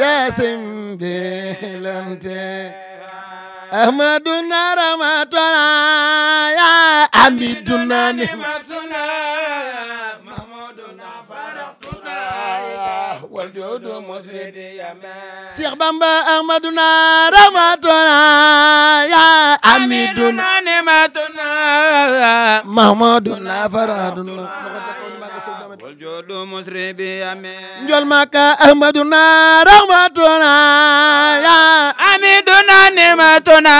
yasim belante ahmadu naramatuna ya amiduna nimatuna mahmuduna faratuna ah, waljudu musridi yama Cheikh Bamba ahmadu naramatuna ya amiduna nimatuna mahmuduna faratuna du musribi amin njol maka ahmaduna rahmatuna ya amiduna nimatuna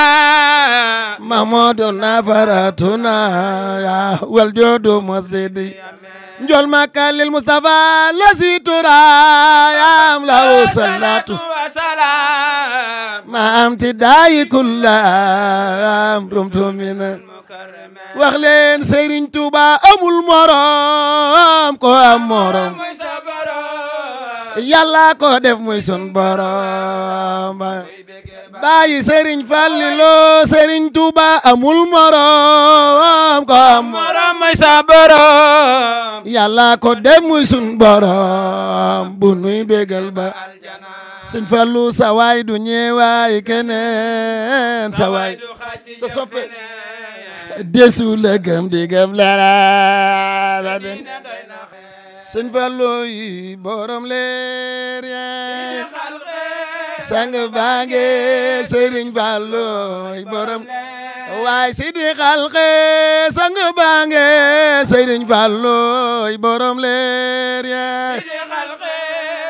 mahmuduna faratuna ya wal jodu musribi njol maka lil mustafa lasitura ya am lahu salatu ma am tidayi kulla am rumtu mina wax leen Serigne Touba amul morom ko am morom yàlla ko def muy sun borom bàyyi Serigne Fallilou Serigne Touba amul morom ko am morom muy sa borom yàlla ko def muy sun borom bu nuy bégal ba sëñ Fallou sa du ñeewaay keneen sa sa soppe desu la gëm di gëm lala la den sëñ Fallu yi borom leer yee sang baange sëriñ Fallu yi borom waay sidi xalqe sang baange sëriñ Fallu yi borom leer yee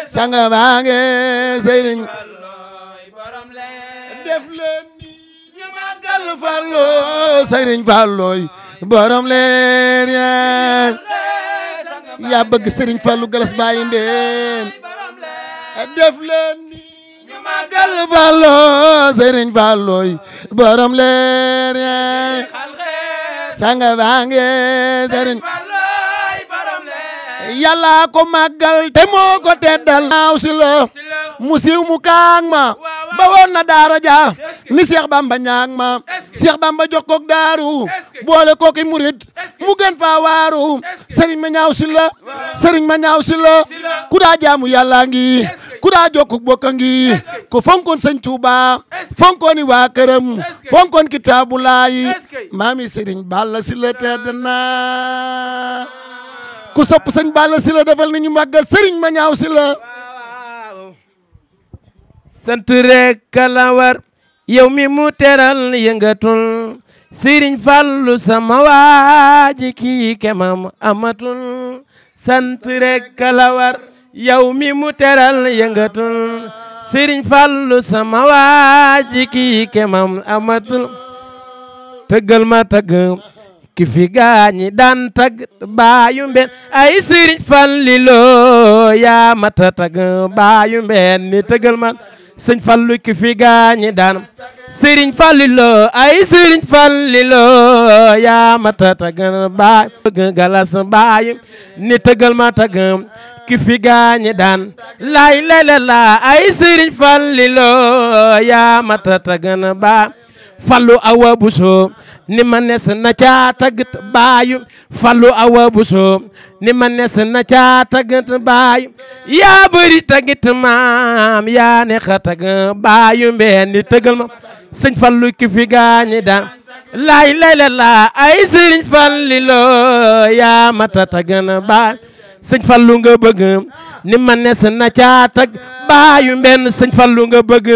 sang baange sëriñ Fallou Serigne Fallou borom leer ya yaa bëgg Serigne Fallou galas bàyyi mbeen def leen ni ñu màggal Fallou Serigne Fallou borom leer ya sanga baa ngi Serigne yàlla ko màggal te moo ko teddal naaw si mu siiw mu kaang ma ba woon na ni Cheikh Bamba ñaag ma Cheikh Bamba jox daaru boole kooki murit mu gën faa waaru sëriñ ma ñaaw si la ma ñaaw si ku daa jaamu yàlla ngi ku daa jokkug bokka ngi ko fonkoon sëñ Tuuba fonkooni waa këram fonkoon kitaabu laay maami sëriñ Balla si la ku sopp sëñ Balla sila defal nañu màggal sëriñ ma ñaaw sila sant rek la war yow mi mu teral yengatul Fallu sama waji ki kemam amatul sant kalawar yaumi war yow mi mu teral yengatul Fallu sama waji ki kemam amatul Tegal ma tëgg ki fi gaañi daan tag baayu mbeen ay sëriñ Fallilo yaa mata tag baayu mbeen ni tëgal man sëñ Fallu ki fi gaañi daan sëriñ Fallilo ay sëriñ Fallilo yaa mata tag baayu galas baayu ni tëgal ma tag ki fi gaañi daan lay lay la ay sëriñ Fallilo yaa mata tag baayu fallu awa busoo ni ma nes na caa taggat baayu fallu awa buso ni ma nes na caa taggat baayu yaa bëri taggat maam yaa neex a tagg baayu mbeen ni tëggal ma sëñ fallu ki gaañi daan laay lay la laa ay sëriñ falli loo yaa mata taggan baay sëñ fallu nga bëgg ni ma nes na caa tagg baayu mbeen sëñ fallu nga bëgg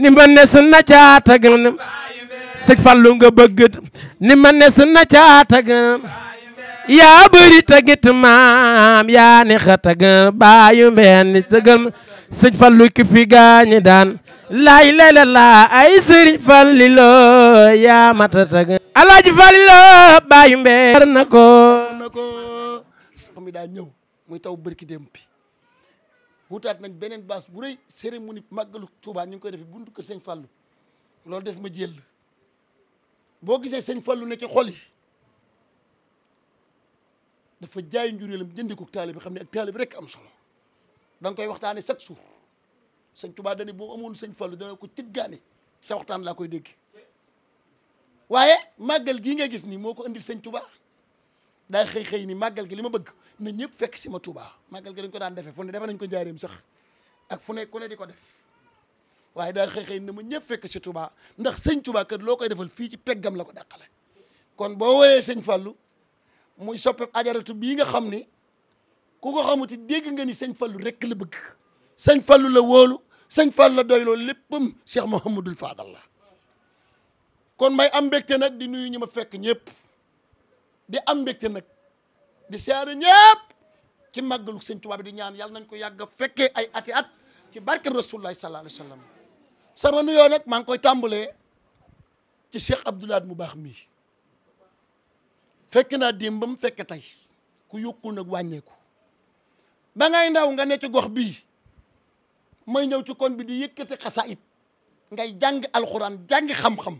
ni ma nes na caa tagg sëñ Fallou nga bëgg ni ma ne sa na yaa bëri tagit maam yaa ne xa tagën baayu mbeen ni tëgal sëñ Fallou ki fi gaañi daan laay la laa ay sëriñ Fallilo yaa mata tagën alaaji Fallilo baayu mbeen na ko na ko sax mi daa ñëw muy taw bërki dem bi wutaat nañ beneen baas bu rëy cérémonie màggalu Tuubaa ñu ngi koy defee buntu kër sëñ Fallou loolu def ma bo gisé sëñ Fallu ne ci xol yi dafa jaay njurelam jëndé ko talib xamné ak talib rek am solo dang koy waxtane chaque jour sëñ touba dani bo amone sëñ Fallu dana ko tëggaane sa waxtan la koy dégg waye magal gi nga gis ni moko andil indil sëñ Tuubaa daa xëy xëy ni magal gi lima bëgg na ñëpp fekk ci ma touba magal gi dañ ko daan défé fu ne defe nañ ko jaarém sax ak fu ne ku ne diko def waaye daal xëy xëy na ma ñëpp fekk si Touba ndax sëñ Touba kër loo koy defal fii ci peggam la ko dàqale kon boo woyee sëñ Fallou muy soppe ajaratu bii nga xam ni ko ko ti dégg nga ni sëñ Fallou rek la bëgg sëñ Fallou la woolu sëñ Fallou la doyloo léppam Cheikh Mouhamadul Fadal la kon may am mbégte nag di nuyu ñu ma fekk ñëpp di am mbégte nag di siyaare ñëpp ci màggalu sëñ Touba bi di ñaan yàlla nañ ko yàgg a fekkee ay ati at ci barke Rasulullah sallallahu alayhi sama nuyoo nag maa ngi koy tàmbalee ci Cheikh Abdoul Ahad mu baax mii fekk naa démbam fekk tey ku yokkul nag wàññeeku ba ndaw nga ne ci gox bii may ñëw ci kon bi di yëkkati xasaayit ngay jàng alxuraan jàngi xam-xam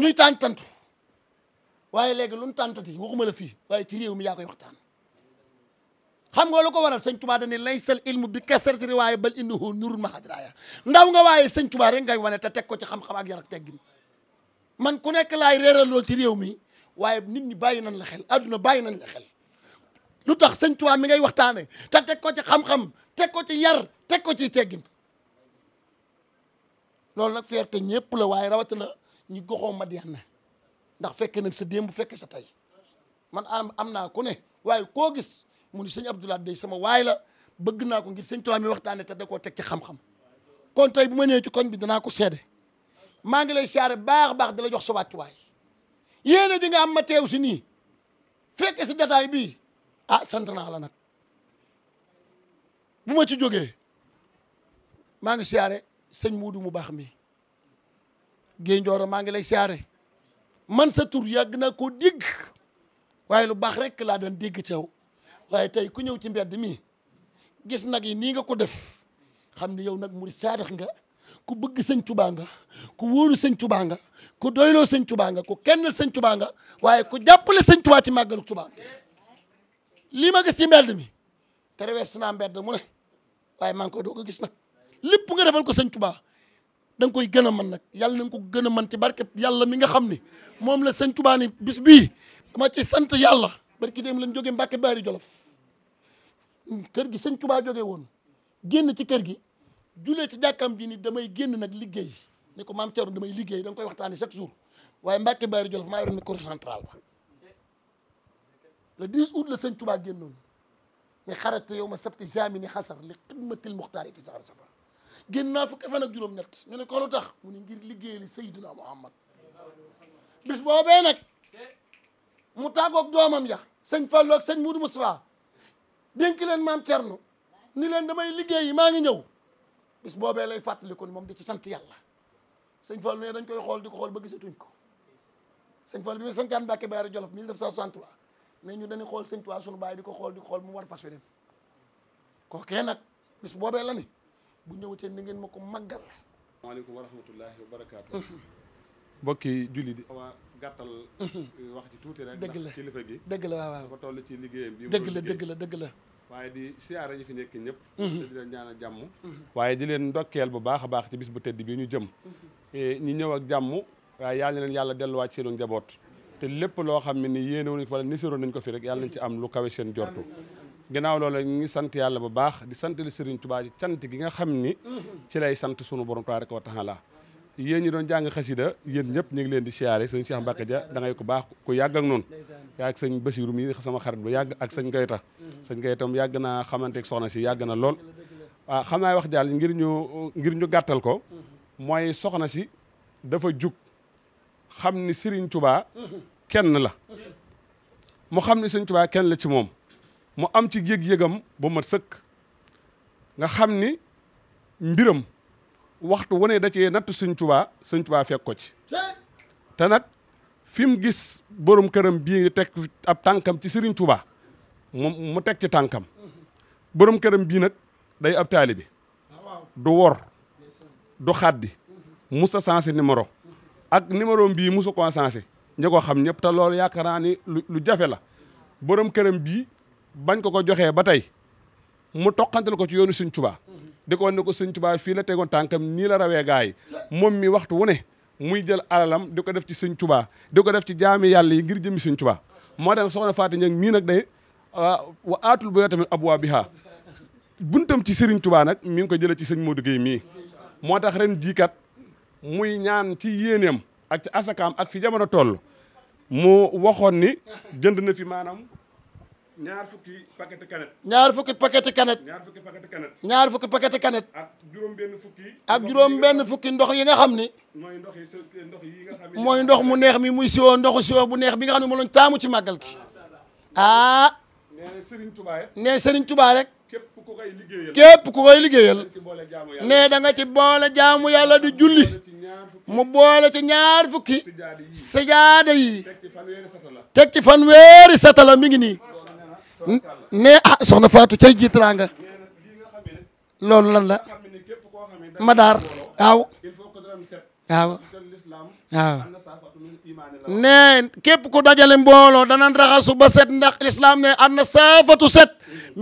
ñuy tàntantu waaye léegi lu nu tàntati waxuma la fii waaye ci réew mi yaa koy waxtaan xam nga lako waral seigne touba dani laysal ilmu bi kasrat riwaya bal innahu nurun mahdraya ndaw nga waye seigne touba rek ngay wone ta tek ko ci xam-xam ak yar ak teggin man ku nek lay reral lo ci rew mi waye nit ñi bàyyi nañ la xel aduna bàyyi nañ la xel lutax seigne touba mi ngay waxtane ta tek ko ci xam-xam tek ko ci yar tek ko ci teggin loolu nak fierté ñëpp la waye rawat la ñi goxoo Madiana ndax fekk nañ sa démb fekk sa tay man amna ku ne waye ko gis mu ni sëñ Abdoulaye day sama waaye la bëgg naa ko ngir sëñ Tuubaa mi waxtaane te de ko teg ci xam-xam kon tey bu ma ñëwee ci koñ bi danaa ko seede maa ngi lay siyaare baax baax di jox sa wàccuwaay yéena ji nga am ma teew si nii fekk si jataay bi ah sant naa la nag bu ma ci joge maa ngi siyaare sëñ Muudu mu baax mi Géey Njooro maa ngi lay siyaare man sa tur yàgg naa koo dégg waaye lu baax rek laa doon dégg ci yow waaye tey ku ñëw ci mbedd mi gis nag yi nii nga ko def xam ni yow nag murid saadix nga ku bëgg sëñ Tuubaa nga ku wóolu sëñ Tuubaa nga ku doyloo sëñ Tuubaa nga ku kennal sëñ Tuubaa nga waaye ku jàppale sëñ Tuubaa ci màggalu Tuubaa lii si gis ci mbedd mi traversé naa mbedd mu ne waaye maa ngi koy doog a gis nag lépp nga defal ko sëñ Tuubaa da koy gën a mën nag yàlla na ko gën a mën ci barke yàlla mi nga xam ni moom la sëñ Tuubaa ni bis bii dama ci sant yàlla barki dem lañ jóge Mbàkke Baari Jolof kër gi sëñ Tubaa jóge woon génn ci kër gi julee ci jàkkaam ji ni damay génn nag liggéey ne ko maam Thierno damay liggéey da nga koy waxtaane chaque jour waaye Mbàkke Baari Jolof maa yor ne cour central ba le 10 août la sëñ Tubaa génnoon mais xarate yow ma sabti jamini xasar li xidmatil muxtaari fi saxar safar génn naa fukki fan ak juróom-ñett ñu ne ko lu tax mu ne ngir liggéey li Seydina Muhammad bis boobee nag mu tàggoog doomam ya sëñ Fallou ak sëñ Moudou Moustapha dénk leen maam Thierno ni leen damay liggéey yi maa ngi ñëw bis boobee lay fàttaliku ni moom di ci sant yàlla sëñ Fallou ne dañ koy xool di ko xool ba gisatuñ ko sëñ Fallou bi mu santaan Mbàkke Baari Jolof 1963 ne ñu dañuy xool sëñ Tuubaa sunu baay di ko xool di ko xool mu war fas wi dem kookee nag bis boobee la ni bu ñëwatee ni ngeen ma ko màggal. waaleykum wa rahmatullahi wa barakaatu. mbokki julli di waa gàttal wax ci tuuti rek dëgg la kilifa gi dëgg la waaw waaw ci liggéeyam bi dëgg la dëgg la dëgg la waaye di siyaara yi fi nekk ñëpp mm-hmm. di leen jàmm mm-hmm. waaye di leen ndokkeel bu baax a baax ci bis bu tedd bii ñu jëm mm-hmm. eh, ñu ñëw ak jàmm waaye yàlla na leen yàlla delluwaat seenu njaboot te lépp loo xam ne ni yéene nañ ko wala niséro nañ ko fi rek yàlla nañ ci am lu kawe seen jortu ginnaaw loolu ñu ngi sant yàlla bu baax di sant lu Serigne Touba ci cant gi nga xam ni ci lay sant sunu borom tabaraka wa taala yéen ñi doon jàng xasida yéen ñëpp ñu ngi leen di siyaare sëñ Cheikh Mbacke Dia da ngay ku baax ku yàgg ak noonu yaa sëñ Basiru mi sama xarit bu yàgg ak sëñ Gayta mm-hmm. sëñ Gayta yàgg naa xamante ak soxna si yàgg na lool waaw ah, xam wax daal ngir ñu ngir ñu gàttal ko mm-hmm. mooy soxna si dafa jug xam ni Serigne Touba mm-hmm. kenn la mu xam ni Serigne Touba kenn la ci moom mu am ci yëg-yëgam ba mat sëkk nga xam ni mbiram waxtu wu ne da cee natt suñ Tuubaa Sëñ Tuubaa fekk ko ci te nag fi mu gis borom këram bii teg ab tànkam ci Sëriñ Tuubaa mu mu teg ci tànkam borom këram bii nag day ab taalibe du wor du xaddi musa sensé numéro ak numéro bii musu ko sensé ñi ko xam ñëpp te loolu yaakaar naa ni lu jafe la borom këram bii bañ ko ko joxee ba tey mu toqantal ko ci yoonu Sëñ Tuubaa di ko wan ko sëñ Tuubaa fii la tegoon tànkam nii la rawee gaay moom mi waxtu wu ne muy jël alalam di ko def ci sëñ Tuubaa di ko def ci jaami yàlla yi ngir jëmi sëñ Tuubaa moo tax soxna Faati Ñaŋ mii nag day ah, wa aatul buyuuta tamit abwaabihaa buntam ci Sëriñ Tuubaa nag mi ngi ko jëlee ci sëñ Modou Guèye mii moo tax ren jiikat muy ñaan ci yéeneem ak ci asakaam ak fi jamono toll mu waxoon ni jënd na fi maanaam ñaar fukki paquet canette. ñaar fukki paquet canette. ñaar fukki paquet canette. ñaar fukki paquet canette. ak juróom benn fukki. ak juróom benn fukki ndox yi nga xam ni. mooy ndox ndox yi nga mooy ndox mu neex mi muy siwo ndoxu siwo bu neex bi nga xam ne moom lañ taamu ci màggal gi. ah. nee na Serigne Touba rek. nee Serigne Touba rek. képp ku koy liggéeyal. képp ku koy liggéeyal. nee da nga ci boole jaamu yàlla di julli. mu boole ci ñaar fukki. sijaada yi. teg ci fanweeri satala. teg ci satala mi ngi nii. mais ah soxna Fatou cay ji teraanga loolu lan la madaar waaw waaw waaw ku dajale mbooloo dana raxasu ba set ndax lislaam ne am na saafatu set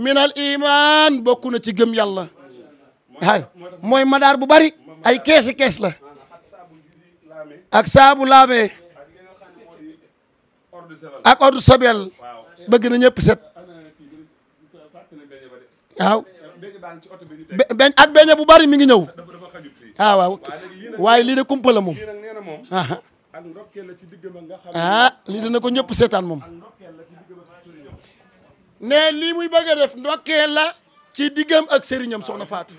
minal iman bokk na ci gëm yàlla ay mooy madaar bu bari ay keesi kees la ak saabu laabee ak ordre sabel bëgg na ñëpp set waaw beñ ak beñe bu bari mi ngi ñëw ah waaw waaye lii de kumpa la moom ah. ah lii dana ko ñëpp seetaan moom ne lii muy bëgg a def ndokkee la ci diggam ak sëriñam soxna Fatou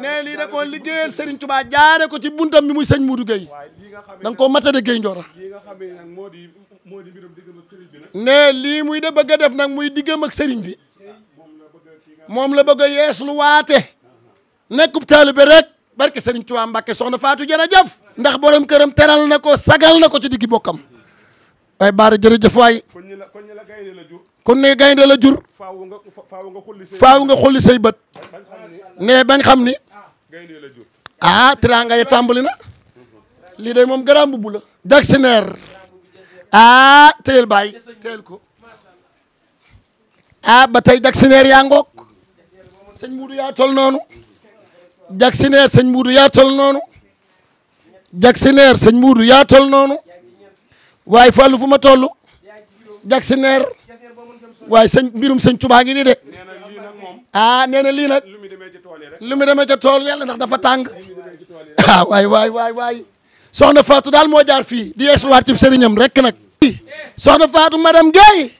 ne ah, lii da koo liggéeyal Serigne Touba jaare ko ci buntam mi muy sëñ Moudou Gueye da nga koo matade Gueye Ndiora ne lii muy da bëgg a def nag muy diggam ak sëriñ bi moom la bëgg a yees lu waate nekkub taalibe rek barke Serigne Touba Mbacke soxna Fatou jërëjëf ndax borom këram teral na ko sagal na ko ci diggi bokkam waaye Baara jërëjëf waay kon ni la gaynde la jur kon ni la jur faaw nga faaw nga xolli say bët ne bañ xam ni gaynde la jur ah tiraanga yi tàmbali na lii day moom garaam bu la jagsineer ah téyel baay téyel ko ah ba tey jagsineer yaa ngoog sëñ Muudu yaa tol noonu jaksineer sëñ Muudu yaa tol noonu jaksineer sëñ Muudu yaa tol noonu waaye fàllu fu ma toll jaksineer waaye sëñ mbirum sëñ Tuubaa ngi nii de ah nee na lii nag lu mu demee ca tool yàlla ndax dafa tàng ah waay waay waay waay soxna faatu daal moo jaar fii di exploiter ci sëriñam rek nag soxna Fatou madame Guèye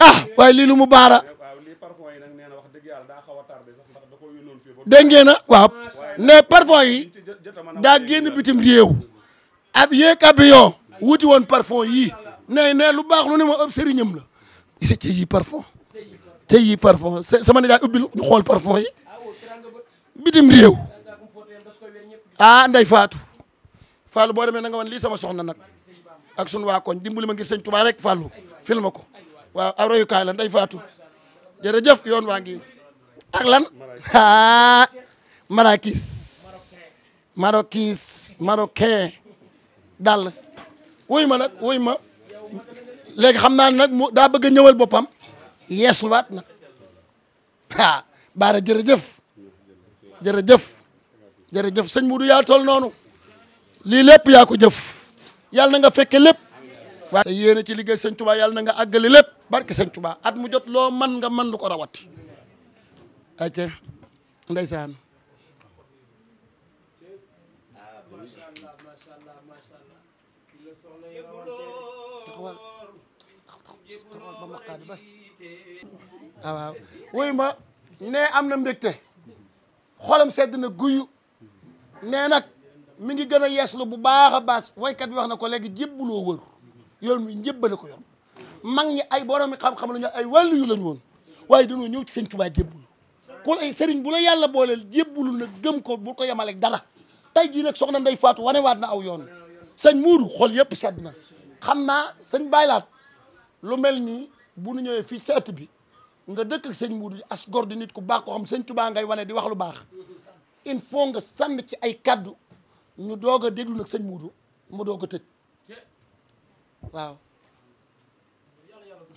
ah waaye lii lu mu baara dégg ngeen a waaw yi daa génn bitim réew ab yéeg abiyon wuti woon parfum yi ne ne lu baax lu ne ma ëpp sëriñam la ci yi parfum te yi parfum sama nijaay ubbi ñu xool parfum yi bitim réew ah nday faatu Fallou boo demee na nga wan lii sama soxna nag ak sunu waa koñ dimbali ma ngir sëñ Tuubaa rek Fallou filma ko waaw aroyukaay la nday faatu jërëjëf yoon waa ngi ak lan ah marakis marokis marocain dàll wuy ma nag wuy ma léegi xam naa nag mu daa bëgg a ñëwal boppam yeesuwaat nag ah baara jërëjëf jërëjëf jërëjëf sëñ Moudou yaa toll noonu lii lépp yaa ko jëf yàlla na nga fekke lépp waaye yéene ci liggéey sëñ Touba yàlla na nga àggale lépp barke sëñ Touba at mu jot loo man nga man lu ko rawati acca ndeysaan waaw wuy ma nee am na mbégte xolam sedd na guyu nee nag mi ngi gën a yeeslu bu baax a baax waykat bi wax na ko léegi jébbaloo wër yoon wi njébbale ko yor mag ñi ay boroomi xam-xam la ñu ay wàllu yu lañu woon waaye dañoo ñëw ci seen tubaay jébbal ku lay sëriñ bu la yàlla booleel jébbulu nag gëm ko bu ko yemaleeg dara tey jii nag soxna Ndeye wane waat na aw yoon sañ muuru xool yëpp sedd na xam naa sëñ baylaat lu mel nii bu nu ñëwee fii seet bi nga dëkk ak sëñ muuru as gor di nit ku baax ko xam sëñ Tuubaa ngay wane di wax lu baax il faut nga sànn ci ay kàddu ñu doog a déglu nag sëñ muuru mu doog a tëj waaw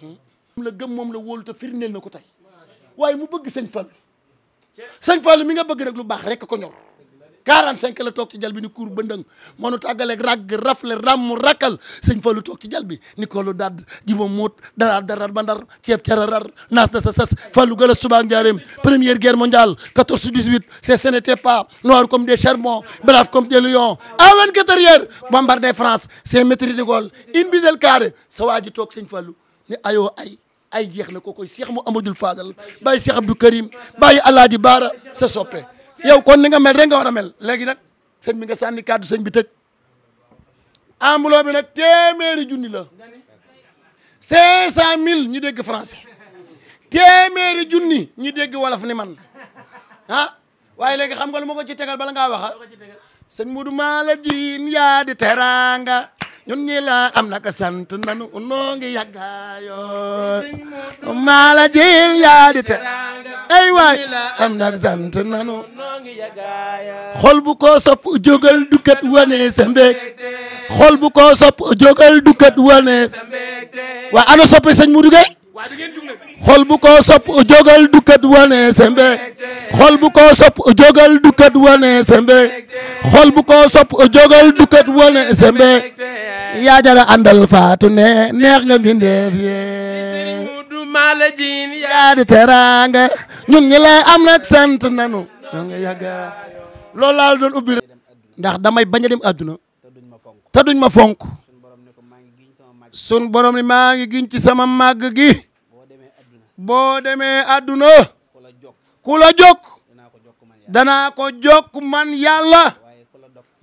hmm? la gëm moom la wóolu te firndeel na ko tey waaye mu bëgg sëñ Fallu sëñ Fallou mi nga bëgg nag lu baax rek ko ñor 45 la toog ci jal bi ni kuur bëndëng moo nu tàggaleeg ràgg rafle ràmm rakkal sëñ Fallou toog ci jal ni ko lu dadd jiba muut daraar daraar ba ndar ceeb cararar naas na sa sas Fallou galas subaa njaareem première guerre mondiale 14 18 c'est ce n'était pas noir comme des charbons brave comme des lions à 24 heures bombardé France c'est maître de Gaulle une bi del sa waa toog sëñ Fallou ni ayoo ay ay jeex la ko koy mu Mouhamadoul Fadal bàyyi Cheikh Abdou Karim bàyyi Alaaji Baara sa soppe yow kon ni nga mel rek nga war a mel léegi nag sëñ bi nga sànni kàddu sëñ bi tëj amuloo junni la cinq cent mille ñi dégg français téeméeri junni ñi dégg wolof ni man ah waaye léegi xam nga lu ma ci tegal bala ngaa waxa sëñ Modou maa la jiin yaa di teranga ñun ñi am naka sant nanu noo ngi yàggaayo maa la jil yaa te ay am nag sant nanu xol bu ko sopp jógal dukkat wane sa mbéeg xol bu ko sopp jógal dukkat wane waa ana soppe sëñ Modou Gueye xol bu ko sopp jógal dukkat wane sembe xol bu ko sopp jógal dukkat wane sembe xol bu ko sopp jógal dukkat wane sembe yaa jara àndal faatu ne neex nga mbindeef yee yaa di teraanga ñun ñi am nag sant nanu nga yàgga loolu laa doon ubbi ndax damay bañ a dem àdduna te duñ ma fonk sun borom ni maa ngi giñ ci sama màgg gi boo demee àdduna ku la jokk danaa ko jokk man yàlla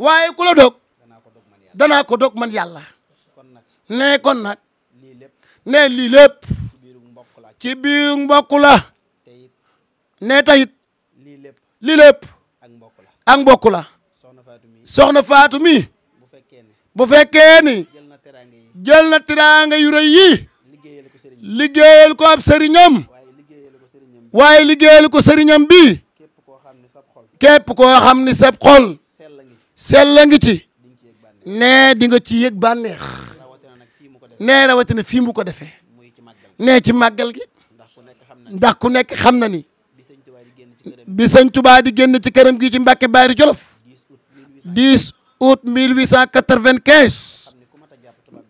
waaye ku la dog danaa ko dog man yàlla ne kon nag ne lii lépp ci biir mbokk la ne tayit lii lépp ak mbokk la soxna Fatou mi bu fekkee jël na tiraanga yu rëy yii liggéeyal ko ab sëriñam waaye liggéeyal ko sëriñam bi képp koo xam ni sab xol sell ngi ci nee di nga ci yëg bànneex nee rawatina fii mu ko defee nee ci màggal gi ndax ku nekk xam na ni bi sëñ Tuubaa di génn ci këram gi ci Mbàkke Baari Jolof 10 août 1895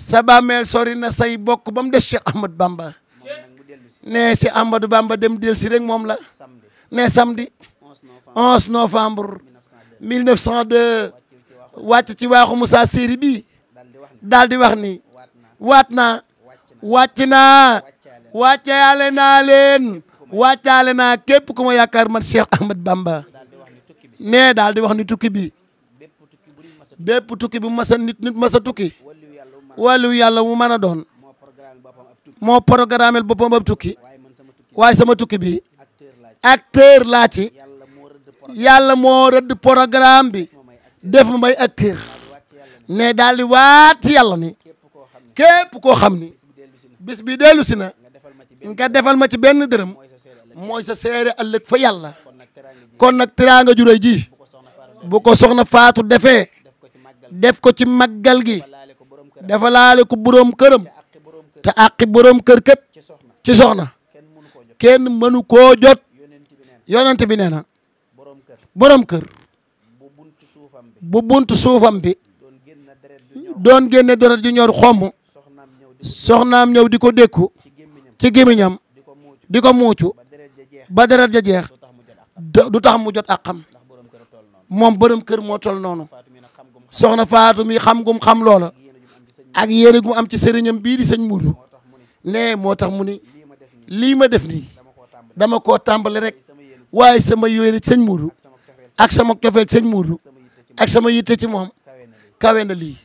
sa bàmmeel sori na say bokk ba mu des Cheikh Ahmad Bamba ne Cheikh Ahmadou Bamba dem del si rek moom la ne samedi 11 novembre 1902 wàcc ci waaxu Moussa Séri bi daal di wax ni waat naa wàcc naa wàccaale na leen wàccaale naa képp ku ma yaakaar man Cheikh Ahmad Bamba ne daal di wax ni tukki bi bépp tukki bu masa nit nit masa tukki wàllu yàlla mu mën a doon moo programmel boppam ab tukki waaye sama tukki bi acteur laa ci yàlla moo rëdd programme bi def ma may acteur ne daal di waat yàlla ni képp koo xam ni bis bi dellu si na nga defal ma ci benn dërëm mooy sa seere ëllëg fa yàlla kon nag teraanga ju ji bu ko soxna faatu defee def ko ci màggal gi dafa laale ku boroom këram te àqi boroom kër kët ci soxna kenn mënu koo jot yonent bi nee na boroom kër bu buntu suufam bi doon génne deret ju ñor xomm soxnaam ñëw di ko dékku ci gémmiñam di ko muucu ba deret ja jeex du tax mu jot ak xam moom boroom kër moo tol noonu soxna Faatu mi xam gum xam loola ak yéene gu am ci sëriñam bii di sëñ Muudu ne moo tax mu ni lii ma def nii dama koo tàmbali rek waaye sama yéene ci sëñ Muudu ak sama cofeel sëñ Muudu ak sama yitte ci moom kawe na lii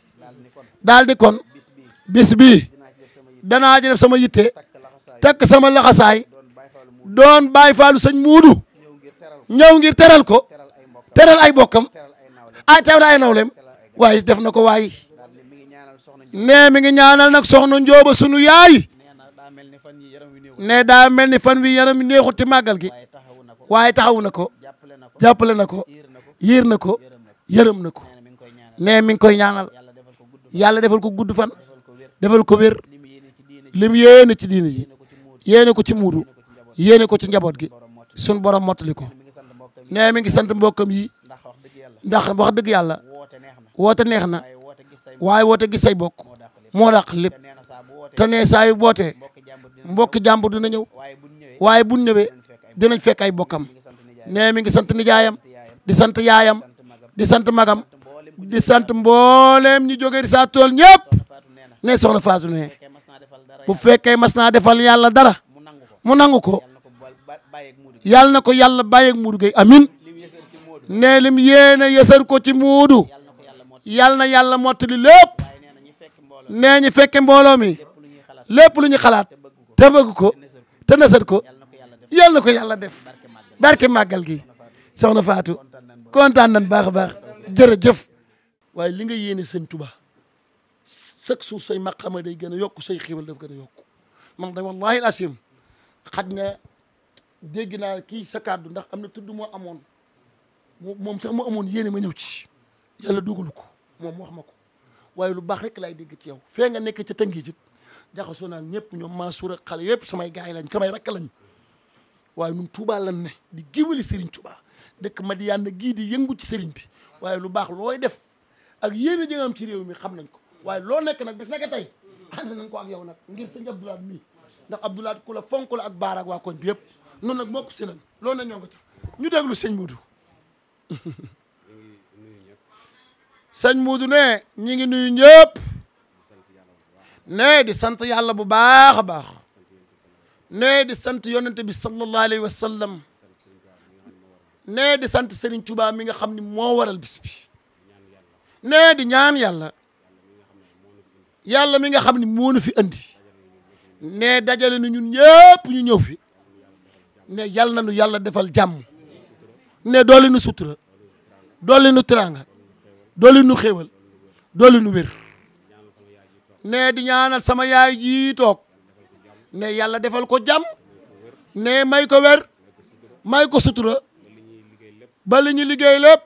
daal di kon bis bii danaa ji def sama yitte takk sama laxasaay doon bàyyi faalu sëñ Muudu ñëw ngir teral ko teral ay bokkam ay teral ay nawleem waaye def na ko waaye nee mi ngi ñaanal nag soxna Njóoba sunu yaay ne daa mel ni fan wi yaram neexut ci màggal gi waaye taxaw na ko jàppale na ko yiir na ko yërëm na ko nee mi ngi koy ñaanal yàlla defal ko gudd fan defal ko wér lim yéene ci diine ji yéene ko ci muudu yéene ko ci njaboot gi sun borom mottali ko nee mi ngi sant mbokkam yi ndax wax dëgg yàlla woote neex na waaye woote gi say bokk moo dàq lépp te nee saa yu bootee mbokki jàmbur dina ñëw waaye buñ ñëwee dinañ fekk ay bokkam nee mi ngi sant nijaayam di sant yaayam di sant magam di sant mbooleem ñu jógee di saa tool ñëpp ne soxna Fatou ne bu fekkee mas naa defal yàlla dara mu nangu ko yàlla na ko yalla yàlla bàyyeeg muudu gay amin ne lim yéene yësër ko ci muudu yal na yàlla mottali lépp nee ñu fekke mbooloo mi lépp lu ñu xalaat te bëgg ko te nasat ko yal na ko yàlla def barke màggal gi soxna Fatou kontaan nañ baax a baax jërëjëf waaye li nga yéene sëñ Tuba chaque jour say maqama day gën a yokk say xiwal daf gën a yokk man da wallahi asim xaj na dégg naa kii sa kàddu ndax am na tudd moo amoon moom sax moo amoon yéene ma ñëw ci yàlla dugalu ko moom wax ma ko waaye lu baax rek laay dégg ci yow fee nga nekk ca tëngi jit jaxasoo naa ñëpp ñoom Mansour ak xale yëpp samay gaay lañ samay rakk lañ waaye ñun tuubaal lan ne di géwéli Serigne Touba dëkk Madiyana gii di yëngu ci Serigne bi waaye lu baax looy def ak yéene ji nga am ci réew mi xam nañ ko waaye loo nekk nag bis naka tey na nañ ko ak yow nag ngir sëñ Abdoulaye mii ndax Abdoulaye ku la fonk la ak baar waa ko bi yëpp noonu nag bokk si loolu na ñoo nga ñu déglu sëñ Modou sëñ Muudu ne ñi ngi nuyu ñëpp ne di sant yàlla bu baax a baax ne di sant yonente bi sallallahu alayhi wa sallam ne di sant Serigne Touba mi nga xam ni moo waral bis bi di ñaan yàlla yàlla mi nga xam ni moo fi andi ne dajale na ñun ñëpp ñu ñëw fi ne yàlla na nu yàlla defal jàmm ne dooli nu sutura dooli nu teraanga dooli nu xéewal dooli nu wér ne di ñaanal sama yaay ji toog ne yàlla defal ko jàmm ne may ko wér may ko sutura ba ñu liggéey lépp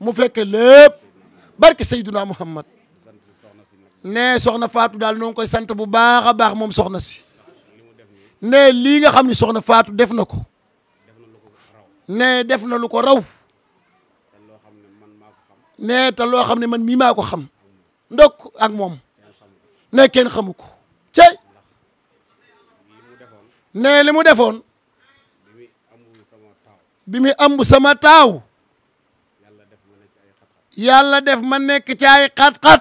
mu fekke lépp barke Seyduna Muhammad ne soxna faatu daal noo koy sant bu baax a baax moom soxna si ne lii nga xam ne soxna faatu def na ko ne def na lu ko raw nee ta loo xam ne man mii maa ko xam ndokk ak moom ne kenn xamu ko cey ne li mu defoon bi mu ambu sama taaw yàlla def ma nekk ci ay xat-xat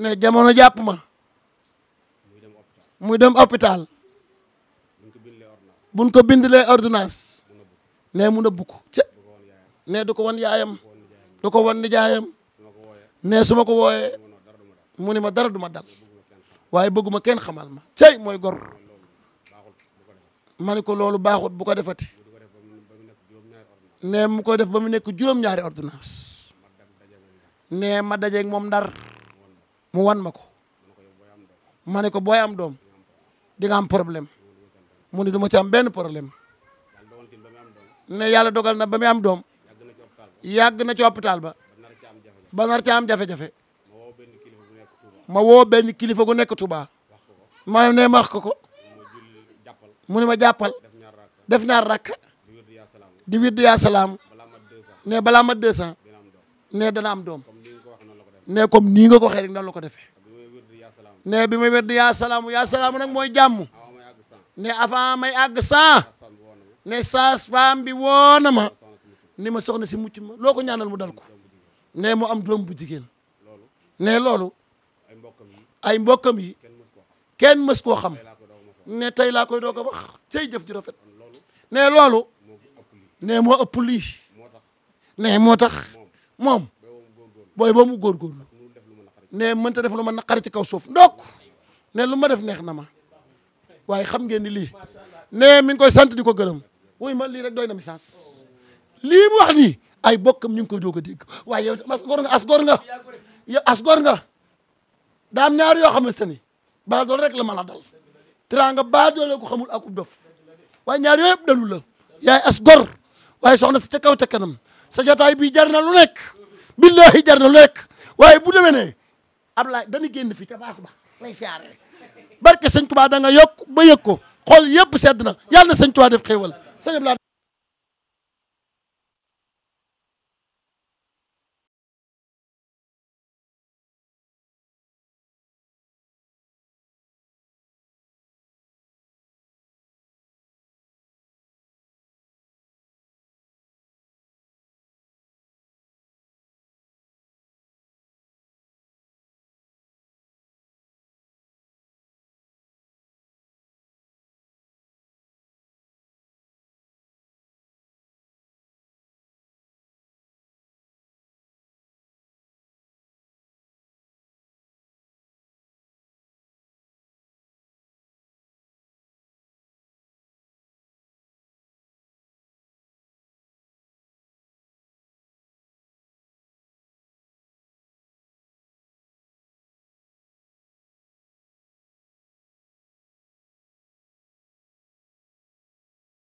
ne jamono jàpp ma mu dem hopital buñ ko bindilee ordonnance ne mu nëbbu ko ne du wan yaayam duko won ni jaayam ne suma ko woyé muni ma dara duma dal waye bëgguma kenn xamal ma cey moy gor maniko lolu baxut bu ko defati ne mu ko def bamu nek juroom ñaari ordonnance ne ma ak mom dar mu wan mako maniko boy am dom di nga am problème muni duma ci am ben problème ne yalla dogal na ba am dom yàgg na ci hôpital ba ba nar ca am jafe-jafe ma woo benn kilifa gu nekk Touba ma ne ma wax ko ko mu ne ma jàppal def ñaar rakk di wird yaa salaam ne balaa ma 200 ne dana am doom ne comme nii nga ko waxee rek nan la ko defee ne bi ma wird yaa salaam yaa salaam nag mooy jàmm ne avant may àgg 100 ne saas faam bi woo na ma. ni ma soxna si mucc ma loo ko ñaanal mu dal ko ne mu am doom bu jigéen nee loolu ay mbokkam yi kenn mës koo xam ne tey laa koy doog a wax tey jëf ju rafet ne loolu ne moo ëpp lii ne moo tax moom booy ba mu góorgóorlu ne mënta def lu ma naqari ci kaw suuf ndok ne lu ma def neex na ma waaye xam ngeen ni lii ne mi ngi koy sant di ko gërëm wuy ma lii rek doy na mi message lii mu wax nii ay bokkam ñu ngi ko doog a dégg waaye yow as gor nga as gor nga yow as gor nga daa am ñaar yoo xamante ni baa dool rek la mën a dal teraanga baa doole ko xamul akub dof waaye ñaar yooyu yëpp dalu la yaay as gor waaye soxna sa ca kaw ca kanam sa jotaay bi jar na lu nekk billahi jar na lu waaye bu demee ne Ablaye dañu génn fi ca baas ba lay siyaare barke sëñ Tuubaa da nga yokk ba yëg ko xool yëpp sedd na yàlla na sëñ Tuubaa def xéewal sëñ Ablaye